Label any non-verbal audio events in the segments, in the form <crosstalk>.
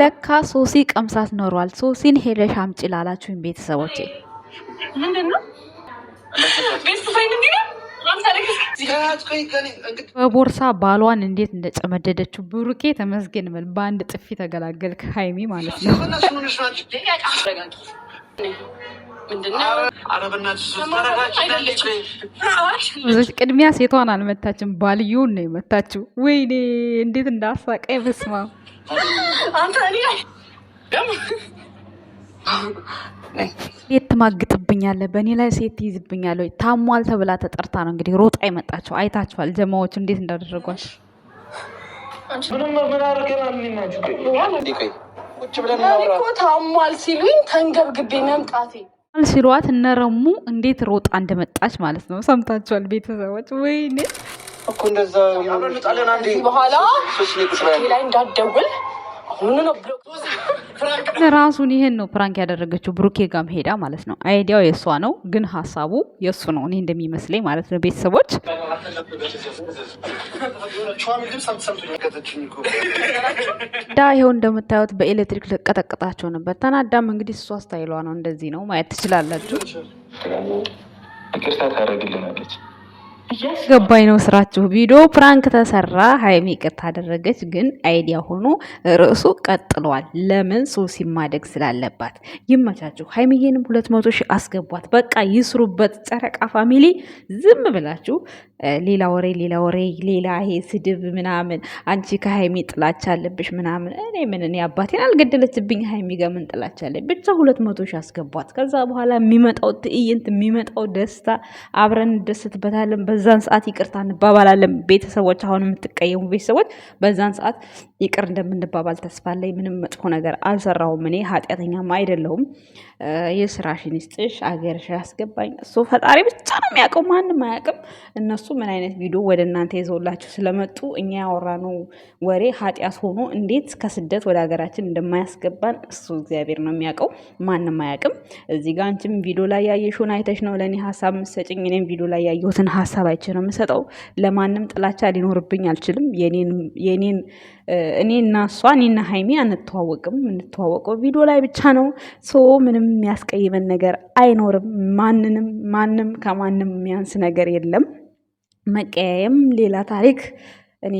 ለካ ሶሲ ቀምሳት ኖሯል። ሶሲን ሄደሽ አምጪ ላላችሁኝ ቤተሰቦች በቦርሳ ባሏን እንዴት እንደጨመደደችው ብሩኬ ተመስገን በል። በአንድ ጥፊ ተገላገልክ ሀይሚ ማለት ነው። ብዙች ቅድሚያ ሴቷን አልመታችም፣ ባልየውን ነው የመታችው። ወይኔ እንዴት እንዳሳቀኝ በስመ የትማግጥብኛለ በእኔ ላይ ሴት ይዝብኛለ ወይ? ታሟል ተብላ ተጠርታ ነው እንግዲህ ሮጣ የመጣቸው። አይታችኋል ጀማዎቹ እንዴት እንዳደረጓል። ታሟል ሲሉኝ ተንገብግቤ መምጣቴ ሲሏት እነረሙ እንዴት ሮጣ እንደመጣች ማለት ነው። ሰምታችኋል ቤተሰቦች። ወይኔ እኮ እንደዛ በኋላ ላይ እንዳትደውል ራሱን ይሄን ነው ፕራንክ ያደረገችው። ብሩኬ ጋም ሄዳ ማለት ነው። አይዲያው የእሷ ነው፣ ግን ሀሳቡ የእሱ ነው። እኔ እንደሚመስለኝ ማለት ነው። ቤተሰቦች ዳ ይኸው እንደምታዩት በኤሌክትሪክ ልቀጠቅጣቸው ነበር። ተናዳም እንግዲህ እሷ ስታይሏ ነው፣ እንደዚህ ነው ማየት ትችላላችሁ። ይቅርታ ታደርግልናለች ገባኝ ነው ስራችሁ። ቪዲዮ ፕራንክ ተሰራ፣ ሀይሚ ይቅርታ አደረገች። ግን አይዲያ ሆኖ ርዕሱ ቀጥሏል። ለምን ሶሲ ማደግ ስላለባት። ይመቻችሁ። ሀይሚዬንም ሁለት መቶ ሺህ አስገቧት። በቃ ይስሩበት። ጨረቃ ፋሚሊ ዝም ብላችሁ ሌላ ወሬ ሌላ ወሬ ሌላ ይሄ ስድብ ምናምን፣ አንቺ ከሀይሚ ጥላቻ አለብሽ ምናምን። እኔ ምን እኔ አባቴን አልገደለችብኝ ሀይሚ ጋር ምን ጥላቻ አለ? ብቻ ሁለት መቶ ሺ አስገቧት። ከዛ በኋላ የሚመጣው ትዕይንት የሚመጣው ደስታ አብረን እንደሰትበታለን። በዛን ሰዓት ይቅርታ እንባባላለን። ቤተሰቦች፣ አሁን የምትቀየሙ ቤተሰቦች፣ በዛን ሰዓት ይቅር እንደምንባባል ተስፋ ላይ ምንም መጥፎ ነገር አልሰራውም። እኔ ኃጢአተኛም አይደለሁም። የስራሽን ይስጥሽ፣ አገርሽ ያስገባኝ እሱ ፈጣሪ ብቻ ነው የሚያውቀው፣ ማንም አያውቅም እነሱ እነሱ ምን አይነት ቪዲዮ ወደ እናንተ ይዘውላችሁ ስለመጡ እኛ ያወራነው ወሬ ኃጢአት ሆኖ እንዴት ከስደት ወደ ሀገራችን እንደማያስገባን እሱ እግዚአብሔር ነው የሚያውቀው፣ ማንም አያውቅም። እዚህ ጋር አንቺም ቪዲዮ ላይ ያየሽውን አይተሽ ነው ለእኔ ሀሳብ የምትሰጭኝ። እኔም ቪዲዮ ላይ ያየሁትን ሀሳብ አይቼ ነው የምሰጠው። ለማንም ጥላቻ ሊኖርብኝ አልችልም። የኔን እና እሷ እኔና ሀይሜ አንተዋወቅም። የምንተዋወቀው ቪዲዮ ላይ ብቻ ነው። ሶ ምንም የሚያስቀይመን ነገር አይኖርም። ማንንም ማንም ከማንም የሚያንስ ነገር የለም። መቀያየም ሌላ ታሪክ። እኔ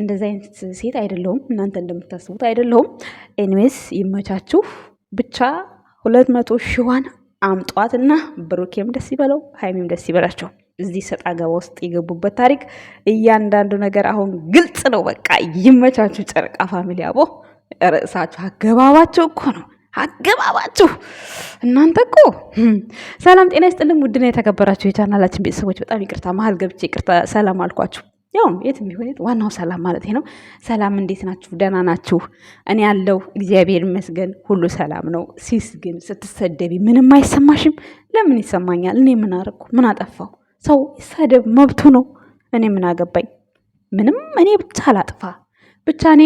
እንደዚ አይነት ሴት አይደለሁም፣ እናንተ እንደምታስቡት አይደለሁም። ኤኒዌይስ ይመቻችሁ። ብቻ ሁለት መቶ ሺዋን አምጧትና ብሩኬም ደስ ይበለው ሀይሚም ደስ ይበላቸው። እዚህ ሰጣ ገባ ውስጥ የገቡበት ታሪክ እያንዳንዱ ነገር አሁን ግልጽ ነው። በቃ ይመቻችሁ። ጨረቃ ፋሚሊ አቦ ርዕሳችሁ አገባባቸው እኮ ነው። አገባባችሁ እናንተ እኮ። ሰላም ጤና ይስጥልኝ ውድና የተከበራችሁ የቻናላችን ቤተሰቦች፣ በጣም ይቅርታ መሀል ገብቼ ይቅርታ ሰላም አልኳችሁ። ያው የት ቢሆን ዋናው ሰላም ማለት ነው። ሰላም እንዴት ናችሁ? ደህና ናችሁ? እኔ ያለው እግዚአብሔር ይመስገን ሁሉ ሰላም ነው። ሲስ ግን ስትሰደቢ ምንም አይሰማሽም? ለምን ይሰማኛል? እኔ ምን አደረኩ? ምን አጠፋው? ሰው ይሳደብ መብቱ ነው። እኔ ምን አገባኝ? ምንም እኔ ብቻ አላጥፋ ብቻ እኔ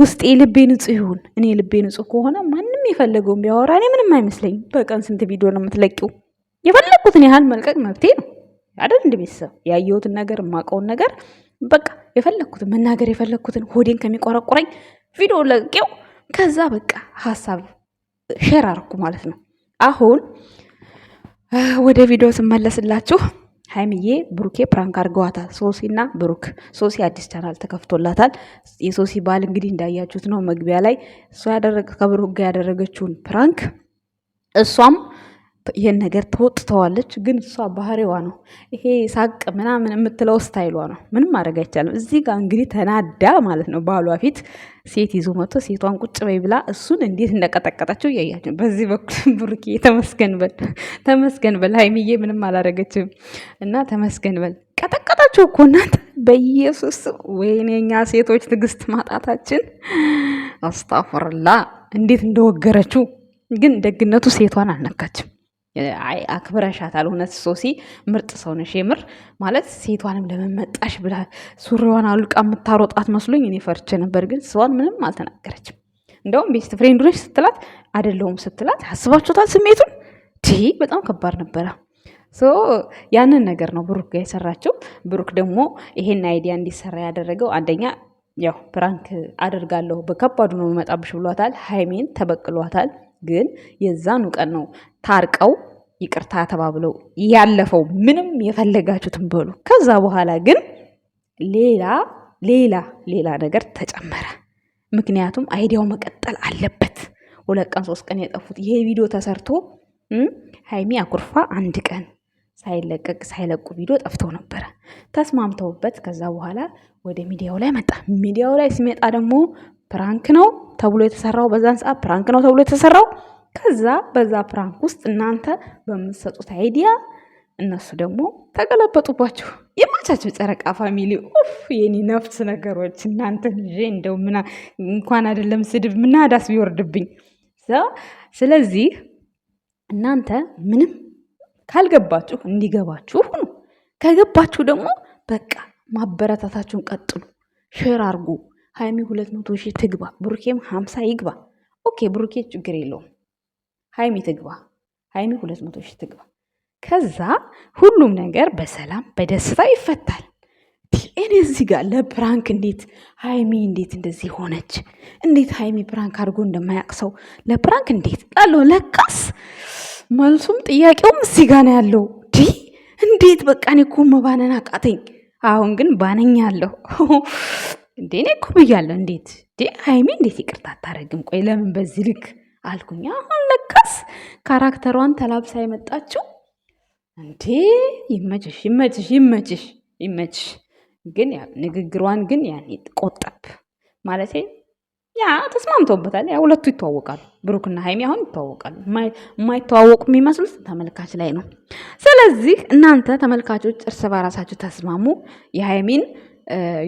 ውስጤ ልቤ ንጹህ ይሁን። እኔ ልቤ ንጹህ ከሆነ ማንም የፈለገውን ቢያወራ እኔ ምንም አይመስለኝ። በቀን ስንት ቪዲዮ ነው የምትለቂው? የፈለግኩትን ያህል መልቀቅ መብቴ ነው አይደል? እንደ ቤተሰብ ያየሁትን ነገር የማውቀውን ነገር በቃ የፈለግኩትን መናገር የፈለግኩትን ሆዴን ከሚቆረቁረኝ ቪዲዮ ለቄው፣ ከዛ በቃ ሀሳብ ሼር አርኩ ማለት ነው። አሁን ወደ ቪዲዮ ስመለስላችሁ ሀይምዬ ብሩኬ ፕራንክ አድርገዋታል። ሶሲና ብሩክ ሶሲ አዲስ ቻናል ተከፍቶላታል። የሶሲ ባል እንግዲህ እንዳያችሁት ነው መግቢያ ላይ እሷ ከብሩክ ጋር ያደረገችውን ፕራንክ እሷም ይሄን ነገር ተወጥተዋለች። ግን እሷ ባህሪዋ ነው ይሄ ሳቅ ምናምን የምትለው ስታይሏ ነው። ምንም ማድረግ አይቻልም። እዚህ ጋር እንግዲህ ተናዳ ማለት ነው ባሏ ፊት ሴት ይዞ መጥቶ ሴቷን ቁጭ በይ ብላ እሱን እንዴት እንደቀጠቀጠችው እያያችሁ በዚህ በኩል <laughs> ብሩኬ ተመስገን በል ተመስገን በል ሀይሚዬ ምንም አላደረገችም እና ተመስገን በል ቀጠቀጣቸው እኮ እናንተ በኢየሱስ ወይኔኛ ሴቶች ትዕግስት ማጣታችን አስታፈርላ እንዴት እንደወገረችው ግን ደግነቱ ሴቷን አልነካችም። አክብረሻት እውነት ሶሲ ምርጥ ሰው ነሽ። የምር ማለት ሴቷንም ለመመጣሽ ብላ ሱሪዋን አውልቃ የምታሮጣት መስሎኝ እኔ ፈርቼ ነበር። ግን ስዋን ምንም አልተናገረችም። እንደውም ቤስት ፍሬንዱ ነሽ ስትላት አይደለውም ስትላት አስባችሁታል? ስሜቱን ቲ በጣም ከባድ ነበረ። ያንን ነገር ነው ብሩክ ጋር የሰራችው። ብሩክ ደግሞ ይሄን አይዲያ እንዲሰራ ያደረገው አንደኛ ያው ፕራንክ አደርጋለሁ በከባዱ ነው የመጣብሽ ብሏታል። ሀይሜን ተበቅሏታል። ግን የዛኑ ቀን ነው ታርቀው ይቅርታ ተባብለው ያለፈው ምንም የፈለጋችሁትን በሉ። ከዛ በኋላ ግን ሌላ ሌላ ሌላ ነገር ተጨመረ። ምክንያቱም አይዲያው መቀጠል አለበት። ሁለት ቀን ሶስት ቀን የጠፉት ይሄ ቪዲዮ ተሰርቶ ሀይሚ አኩርፋ አንድ ቀን ሳይለቀቅ ሳይለቁ ቪዲዮ ጠፍተው ነበረ። ተስማምተውበት ከዛ በኋላ ወደ ሚዲያው ላይ መጣ። ሚዲያው ላይ ሲመጣ ደግሞ ፕራንክ ነው ተብሎ የተሰራው በዛን ሰዓት ፕራንክ ነው ተብሎ የተሰራው። ከዛ በዛ ፕራንክ ውስጥ እናንተ በምትሰጡት አይዲያ እነሱ ደግሞ ተገለበጡባችሁ። የማቻቸው ጨረቃ ፋሚሊ ኡፍ የኔ ነፍስ ነገሮች እናንተን ይዤ እንደው ምና እንኳን አይደለም ስድብ ምናዳስ ቢወርድብኝ። ስለዚህ እናንተ ምንም ካልገባችሁ እንዲገባችሁ ሁኑ። ከገባችሁ ደግሞ በቃ ማበረታታችሁን ቀጥሉ፣ ሼር አርጉ። ሀይሚ ሁለት መቶ ሺህ ትግባ፣ ብሩኬም ሀምሳ ይግባ። ኦኬ ብሩኬ ችግር የለውም ሀይሚ ትግባ፣ ሀይሚ ሁለት መቶ ሺህ ትግባ። ከዛ ሁሉም ነገር በሰላም በደስታ ይፈታል። እኔ እዚህ ጋር ለፕራንክ እንዴት ሀይሚ እንዴት እንደዚህ ሆነች? እንዴት ሀይሚ ፕራንክ አድርጎ እንደማያቅ ሰው ለፕራንክ እንዴት ላለው ለቃስ መልሱም ጥያቄውም እዚህ ጋር ነው ያለው። ዲ እንዴት በቃ እኔ እኮ መባነን አቃተኝ። አሁን ግን ባነኛለሁ። እንዴ እኔ እኮ ብያለሁ። እንዴት እንዴ ሀይሚ እንዴት ይቅርታ አታረግም? ቆይ ለምን በዚህ ልክ አልኩኝ። አሁን ለካስ ካራክተሯን ተላብሳ የመጣችው እንዴ። ይመችሽ፣ ይመችሽ፣ ይመችሽ፣ ይመችሽ። ግን ንግግሯን ግን ያኔ ቆጠብ ማለት ያ ተስማምተውበታል። ያ ሁለቱ ይተዋወቃሉ። ብሩክና ሀይሚ አሁን ይተዋወቃሉ። የማይተዋወቁ የሚመስሉት ተመልካች ላይ ነው። ስለዚህ እናንተ ተመልካቾች እርስ በራሳችሁ ተስማሙ የሀይሚን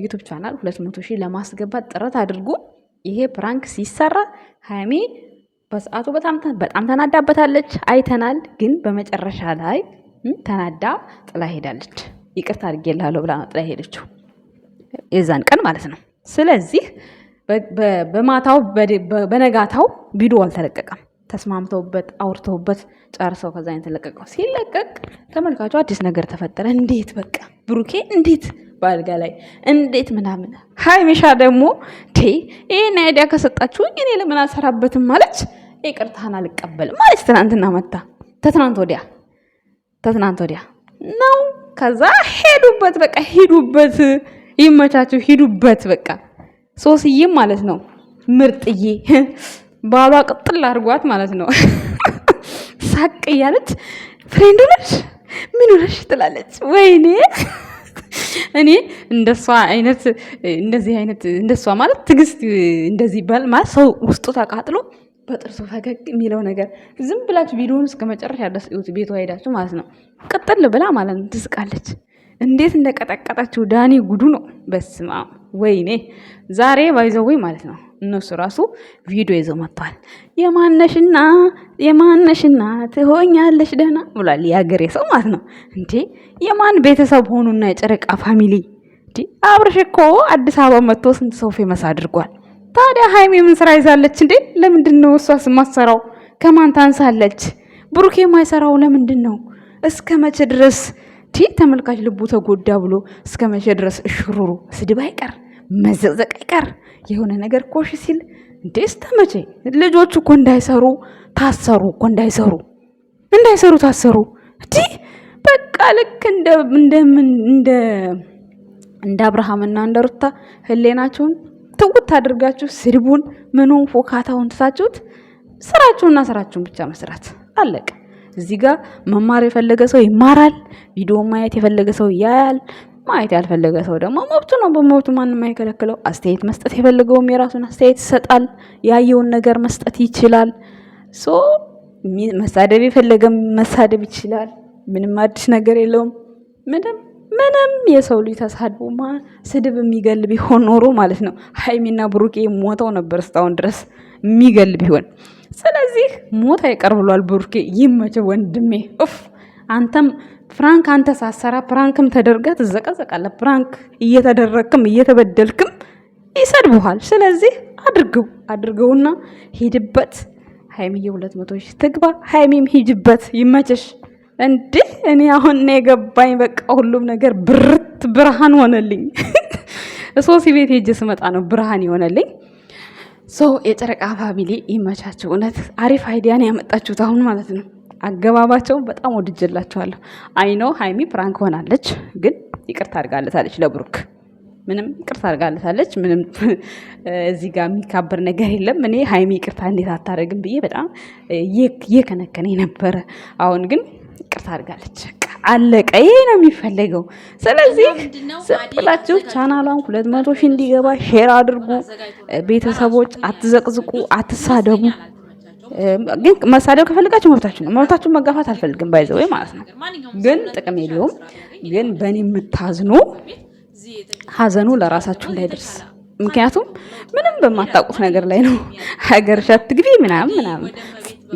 ዩቱብ ቻናል 200 መቶ ሺህ ለማስገባት ጥረት አድርጉ። ይሄ ፕራንክ ሲሰራ ሀይሜ በሰዓቱ በጣም ተናዳበታለች፣ አይተናል። ግን በመጨረሻ ላይ ተናዳ ጥላ ሄዳለች። ይቅርታ አድርጌልሃለሁ ብላ ነው ጥላ ሄደችው፣ የዛን ቀን ማለት ነው። ስለዚህ በማታው በነጋታው ቪዲዮ አልተለቀቀም። ተስማምተውበት አውርተውበት ጨርሰው ከዛ የተለቀቀው ሲለቀቅ ተመልካቹ አዲስ ነገር ተፈጠረ። እንዴት በቃ ብሩኬ እንዴት በአልጋ ላይ እንዴት ምናምን። ሀይሚሻ ደግሞ ቴ ይህን አይዲያ ከሰጣችሁ እኔ ለምን አልሰራበትም ማለች። ይቅርታህን አልቀበልም ማለች። ትናንትና መታ ተትናንት ወዲያ ተትናንት ወዲያ ነው። ከዛ ሄዱበት፣ በቃ ሂዱበት፣ ይመቻችሁ፣ ሂዱበት በቃ ሶስዬም ማለት ነው ምርጥዬ <laughs> ባሏ ቅጥል አድርጓት ማለት ነው። <laughs> ሳቅ እያለች ፍሬንድ ሆነች ምን ሆነች ትላለች። ወይኔ <laughs> እኔ እንደሷ አይነት እንደዚህ አይነት እንደሷ ማለት ትዕግስት እንደዚህ ይባል ማለት ሰው ውስጡ ተቃጥሎ በጥርሱ ፈገግ የሚለው ነገር ዝም ብላችሁ ቪዲዮን እስከ መጨረሻ ድረስ ቤቱ ቤቷ ሄዳችሁ ማለት ነው። ቅጥል ብላ ማለት ነው። ትስቃለች። እንዴት እንደቀጠቀጠችው ዳኒ ጉዱ ነው። በስማ ወይኔ ዛሬ ባይዘወይ ማለት ነው። እነሱ ራሱ ቪዲዮ ይዘው መጥተዋል። የማነሽና የማነሽ እናት ሆኛለሽ ደህና ብሏል የሀገሬ ሰው ማለት ነው። እንዴ የማን ቤተሰብ ሆኑና የጨረቃ ፋሚሊ እንዴ አብርሽ እኮ አዲስ አበባ መጥቶ ስንት ሰው ፌመስ አድርጓል። ታዲያ ሀይሜ ምን ስራ ይዛለች እንዴ? ለምንድን ነው እሷስ ማሰራው ከማን ታንሳለች? ብሩክ ማይሰራው ለምንድን ነው? እስከ መቼ ድረስ ቲ ተመልካች ልቡ ተጎዳ ብሎ እስከ መቼ ድረስ እሽሩሩ ስድብ አይቀር መዘቅዘቅ አይቀር የሆነ ነገር ኮሽ ሲል እንዴ እስከ መቼ ልጆቹ እኮ እንዳይሰሩ ታሰሩ እኮ እንዳይሰሩ እንዳይሰሩ ታሰሩ። እቲ በቃ ልክ እንደምን እንደ እንደ አብርሃምና እንደ ሩታ ህሌናችሁን ትውት አድርጋችሁ ስድቡን ምኑ ፎካታውን ትታችሁት ስራችሁና ስራችሁን ብቻ መስራት አለቀ። እዚህ ጋር መማር የፈለገ ሰው ይማራል። ቪዲዮ ማየት የፈለገ ሰው ያያል። ማየት ያልፈለገ ሰው ደግሞ መብቱ ነው፣ በመብቱ ማንም የማይከለክለው አስተያየት መስጠት የፈለገውም የራሱን አስተያየት ይሰጣል። ያየውን ነገር መስጠት ይችላል። ሶ መሳደብ የፈለገ መሳደብ ይችላል። ምንም አዲስ ነገር የለውም። ምንም ምንም የሰው ልጅ ተሳድቦ ስድብ የሚገል ቢሆን ኖሮ ማለት ነው ሀይሚና ብሩኬ ሞተው ነበር እስካሁን ድረስ የሚገል ቢሆን። ስለዚህ ሞት አይቀር ብሏል ብሩኬ። ይመችህ ወንድሜ። እፍ አንተም ፍራንክ አንተ ሳሰራ ፍራንክም ተደርጋ ትዘቀዘቃለ ፍራንክ እየተደረግክም እየተበደልክም ይሰድብሃል። ስለዚህ አድርገው አድርገውና ሄድበት ሀይሚዬ ሁለት መቶ ሺህ ትግባ። ሀይሚም ሂጅበት ይመችሽ። እንዲህ እኔ አሁን ነው የገባኝ። በቃ ሁሉም ነገር ብርት ብርሃን ሆነልኝ። <laughs> ሶሲ ቤት ሄጅ ስመጣ ነው ብርሃን ይሆነልኝ። የጨረቃ ፋሚሊ ይመቻቸው። እውነት አሪፍ አይዲያን ያመጣችሁት አሁን ማለት ነው። አገባባቸው በጣም ወድጀላችኋለሁ። አይኖ ሀይሚ ፕራንክ ሆናለች፣ ግን ይቅርታ አድርጋለታለች ለብሩክ ምንም ይቅርታ አድርጋለታለች። ምንም <laughs> እዚህ ጋር የሚካበር ነገር የለም። እኔ ሀይሚ ቅርታ እንዴት አታደርግም ብዬ በጣም የከነከነ ነበረ። አሁን ግን ይቅርታ አድርጋለች። አለቀ። ይሄ ነው የሚፈለገው። ስለዚህ ስላችሁ ቻናሏን ሁለት መቶ ሺህ እንዲገባ ሼር አድርጉ። ቤተሰቦች አትዘቅዝቁ፣ አትሳደቡ። ግን መሳደብ ከፈልጋችሁ መብታችሁ ነው። መብታችሁን መጋፋት አልፈልግም፣ ባይዘወይ ማለት ነው። ግን ጥቅም የለውም። ግን በእኔ የምታዝኑ ሀዘኑ ለራሳችሁ እንዳይደርስ። ምክንያቱም ምንም በማታውቁት ነገር ላይ ነው ሸት ግቢ ምናምን ምናምን።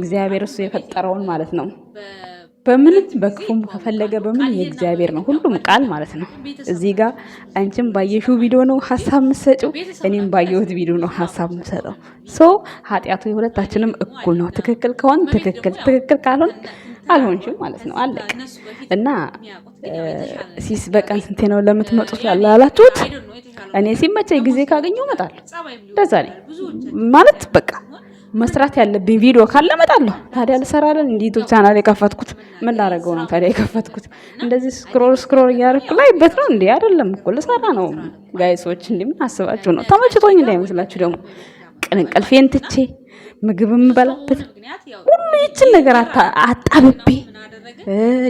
እግዚአብሔር እሱ የፈጠረውን ማለት ነው በምን በክፉም ከፈለገ በምን የእግዚአብሔር ነው ሁሉም ቃል ማለት ነው። እዚህ ጋር አንቺም ባየሽው ቪዲዮ ነው ሀሳብ የምትሰጪው፣ እኔም ባየሁት ቪዲዮ ነው ሀሳብ የምትሰጠው። ሶ ኃጢአቱ የሁለታችንም እኩል ነው። ትክክል ከሆን ትክክል፣ ትክክል ካልሆን አልሆንሽም ማለት ነው አለ እና ሲስ በቀን ስንቴ ነው ለምትመጡት ላላችሁት፣ እኔ ሲመቸኝ ጊዜ ካገኘሁ እመጣለሁ። እንደዛ ነኝ ማለት በቃ መስራት ያለብኝ ቪዲዮ ካለ እመጣለሁ። ታዲያ ልሰራለን እንዲ ዩቱብ ቻናል የከፈትኩት ምን ላደረገው ነው ታዲያ የከፈትኩት? እንደዚህ ስክሮል ስክሮል እያደረኩ በት ነው እንዲ አይደለም እኮ ልሰራ ነው። ጋይሶች እንደምን አስባችሁ ነው? ተመችቶኝ እንዳይመስላችሁ ደግሞ ቀን እንቅልፌን ትቼ ምግብ የምበላበት ሁሉ ይችን ነገር አጣብቤ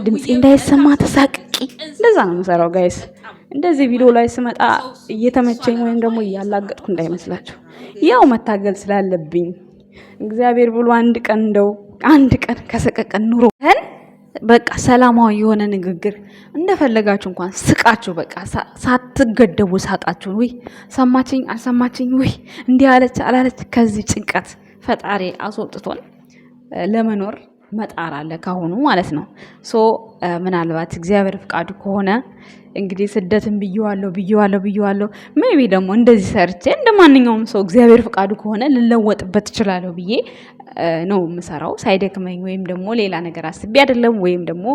ድምፄ እንዳይሰማ ተሳቅቄ እንደዛ ነው የምሰራው። ጋይስ እንደዚህ ቪዲዮ ላይ ስመጣ እየተመቸኝ ወይም ደግሞ እያላገጥኩ እንዳይመስላችሁ፣ ያው መታገል ስላለብኝ እግዚአብሔር ብሎ አንድ ቀን እንደው አንድ ቀን ከሰቀቀን ኑሮ በቃ ሰላማዊ የሆነ ንግግር እንደፈለጋችሁ እንኳን ስቃችሁ በቃ ሳትገደቡ ሳቃችሁን ውይ ሰማችኝ አልሰማችኝ ውይ እንዲህ አለች አላለች ከዚህ ጭንቀት ፈጣሪ አስወጥቶን ለመኖር መጣር አለ ካሁኑ ማለት ነው። ሶ ምናልባት እግዚአብሔር ፍቃዱ ከሆነ እንግዲህ ስደትን ብየዋለሁ ብየዋለሁ ብየዋለሁ። ቢ ደግሞ እንደዚህ ሰርቼ እንደ ማንኛውም ሰው እግዚአብሔር ፍቃዱ ከሆነ ልለወጥበት እችላለሁ ብዬ ነው የምሰራው ሳይደክመኝ፣ ወይም ደግሞ ሌላ ነገር አስቤ አይደለም። ወይም ደግሞ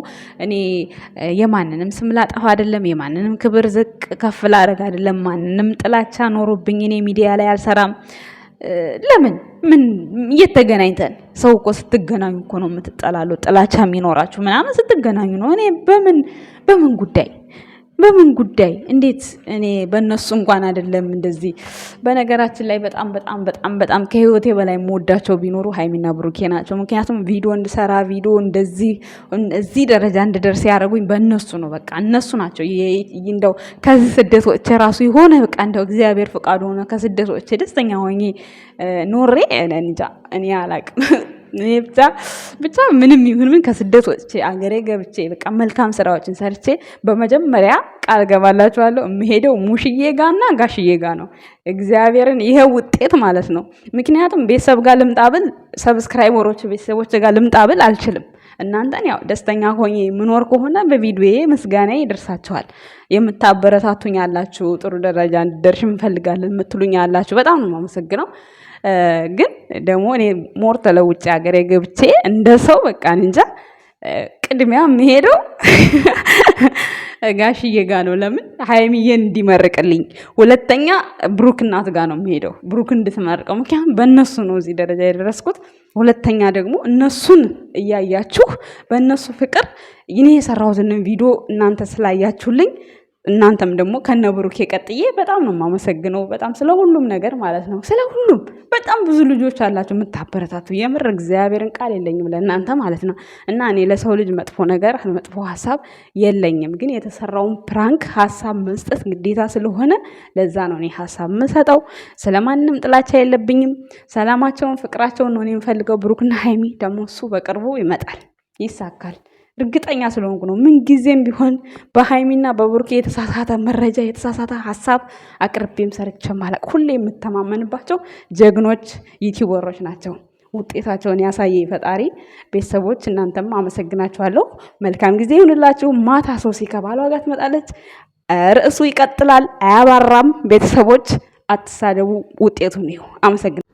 እኔ የማንንም ስም ላጠፋ አይደለም። የማንንም ክብር ዝቅ ከፍ ላደርግ አይደለም። ማንንም ጥላቻ ኖሮብኝ እኔ ሚዲያ ላይ አልሰራም። ለምን ምን እየተገናኝተን ሰው እኮ ስትገናኙ እኮ ነው የምትጠላሉ። ጥላቻ የሚኖራችሁ ምናምን ስትገናኙ ነው። እኔ በምን በምን ጉዳይ በምን ጉዳይ እንዴት? እኔ በእነሱ እንኳን አይደለም እንደዚህ። በነገራችን ላይ በጣም በጣም በጣም በጣም ከህይወቴ በላይ የምወዳቸው ቢኖሩ ሀይሚና ብሩኬ ናቸው። ምክንያቱም ቪዲዮ እንድሰራ ቪዲዮ እንደዚህ እዚህ ደረጃ እንድደርስ ያደረጉኝ በእነሱ ነው። በቃ እነሱ ናቸው። እንደው ከዚህ ስደት ወጥቼ ራሱ የሆነ በቃ እንደው እግዚአብሔር ፈቃዱ ሆነ ከስደት ወጥቼ ደስተኛ ሆኜ ኖሬ እንጃ እኔ አላቅም እኔ ብቻ ብቻ ምንም ይሁን ምን ከስደት ወጥቼ አገሬ ገብቼ በቃ መልካም ስራዎችን ሰርቼ በመጀመሪያ ቃል ገባላችኋለሁ የምሄደው ሙሽዬ ጋና ጋሽዬ ጋ ነው። እግዚአብሔርን ይሄ ውጤት ማለት ነው። ምክንያቱም ቤተሰብ ጋር ልምጣ ብል ሰብስክራይበሮች ቤተሰቦች ጋር ልምጣ ብል አልችልም። እናንተን ያው ደስተኛ ሆኜ ምኖር ከሆነ በቪዲዮዬ ምስጋና ይደርሳችኋል። የምታበረታቱኝ ያላችሁ ጥሩ ደረጃ እንድደርሽ እንፈልጋለን የምትሉኝ ያላችሁ በጣም ነው የማመሰግነው። ግን ደግሞ እኔ ሞር ተለውጭ ሀገር ገብቼ እንደ ሰው በቃ እንጃ ቅድሚያ የምሄደው ጋሽዬ ጋ ነው። ለምን ሀይሚዬን እንዲመርቅልኝ። ሁለተኛ ብሩክ እናት ጋ ነው የሚሄደው ብሩክ እንድትመርቀው፣ ምክንያቱም በእነሱ ነው እዚህ ደረጃ የደረስኩት። ሁለተኛ ደግሞ እነሱን እያያችሁ በእነሱ ፍቅር እኔ የሰራሁትንም ቪዲዮ እናንተ ስላያችሁልኝ እናንተም ደግሞ ከነ ብሩኬ ቀጥዬ በጣም ነው የማመሰግነው። በጣም ስለ ሁሉም ነገር ማለት ነው፣ ስለ ሁሉም በጣም ብዙ ልጆች አላቸው የምታበረታቱ። የምር እግዚአብሔርን ቃል የለኝም ለእናንተ ማለት ነው። እና እኔ ለሰው ልጅ መጥፎ ነገር መጥፎ ሀሳብ የለኝም፣ ግን የተሰራውን ፕራንክ ሀሳብ መስጠት ግዴታ ስለሆነ ለዛ ነው እኔ ሀሳብ የምሰጠው። ስለማንም ጥላቻ የለብኝም። ሰላማቸውን፣ ፍቅራቸውን ነው እኔ የምፈልገው። ብሩክና ሀይሚ ደግሞ እሱ በቅርቡ ይመጣል፣ ይሳካል። እርግጠኛ ስለሆንኩ ነው። ምንጊዜም ቢሆን በሀይሚና በብሩኬ የተሳሳተ መረጃ የተሳሳተ ሀሳብ አቅርቤም ሰርቼ ማለቅ ሁሌ የምተማመንባቸው ጀግኖች ዩቲዩበሮች ናቸው። ውጤታቸውን ያሳየ ፈጣሪ። ቤተሰቦች እናንተም አመሰግናችኋለሁ። መልካም ጊዜ ይሁንላችሁ። ማታ ሶሲ ከባሏ ጋር ትመጣለች። ርዕሱ ይቀጥላል፣ አያባራም። ቤተሰቦች አትሳደቡ፣ ውጤቱን ይሁ። አመሰግናለሁ።